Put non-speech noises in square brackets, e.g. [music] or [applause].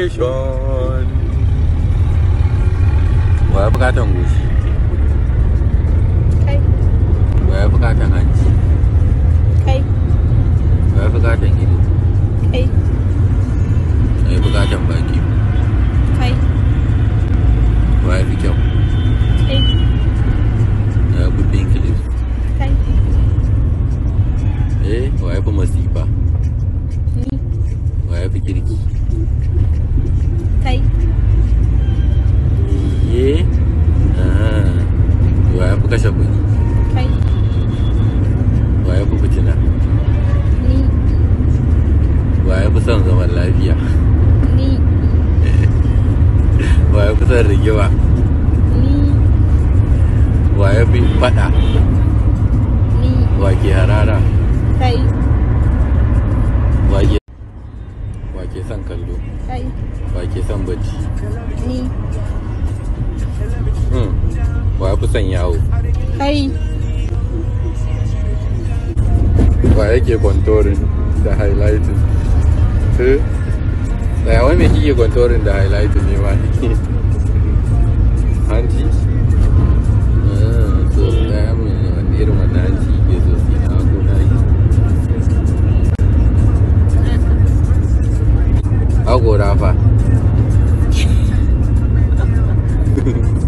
nation wa ya bukatan goshi kai wa ya bukatan hanci kai wa ya bukatan ido kai kashe kuɗi kai waye ku fitina ni waye ku son zaman lafiya ni [laughs] waye ku son rigima ni waye fi faɗa ni wake harara kai wake wake son kallo kai wake son bacci ni hmm. wa fi son yawo Hey. Vaya que contouring, the highlighting. See? Like, why make you contouring the highlighting, you want? [laughs] Auntie? Ah, so, I'm going to get Agora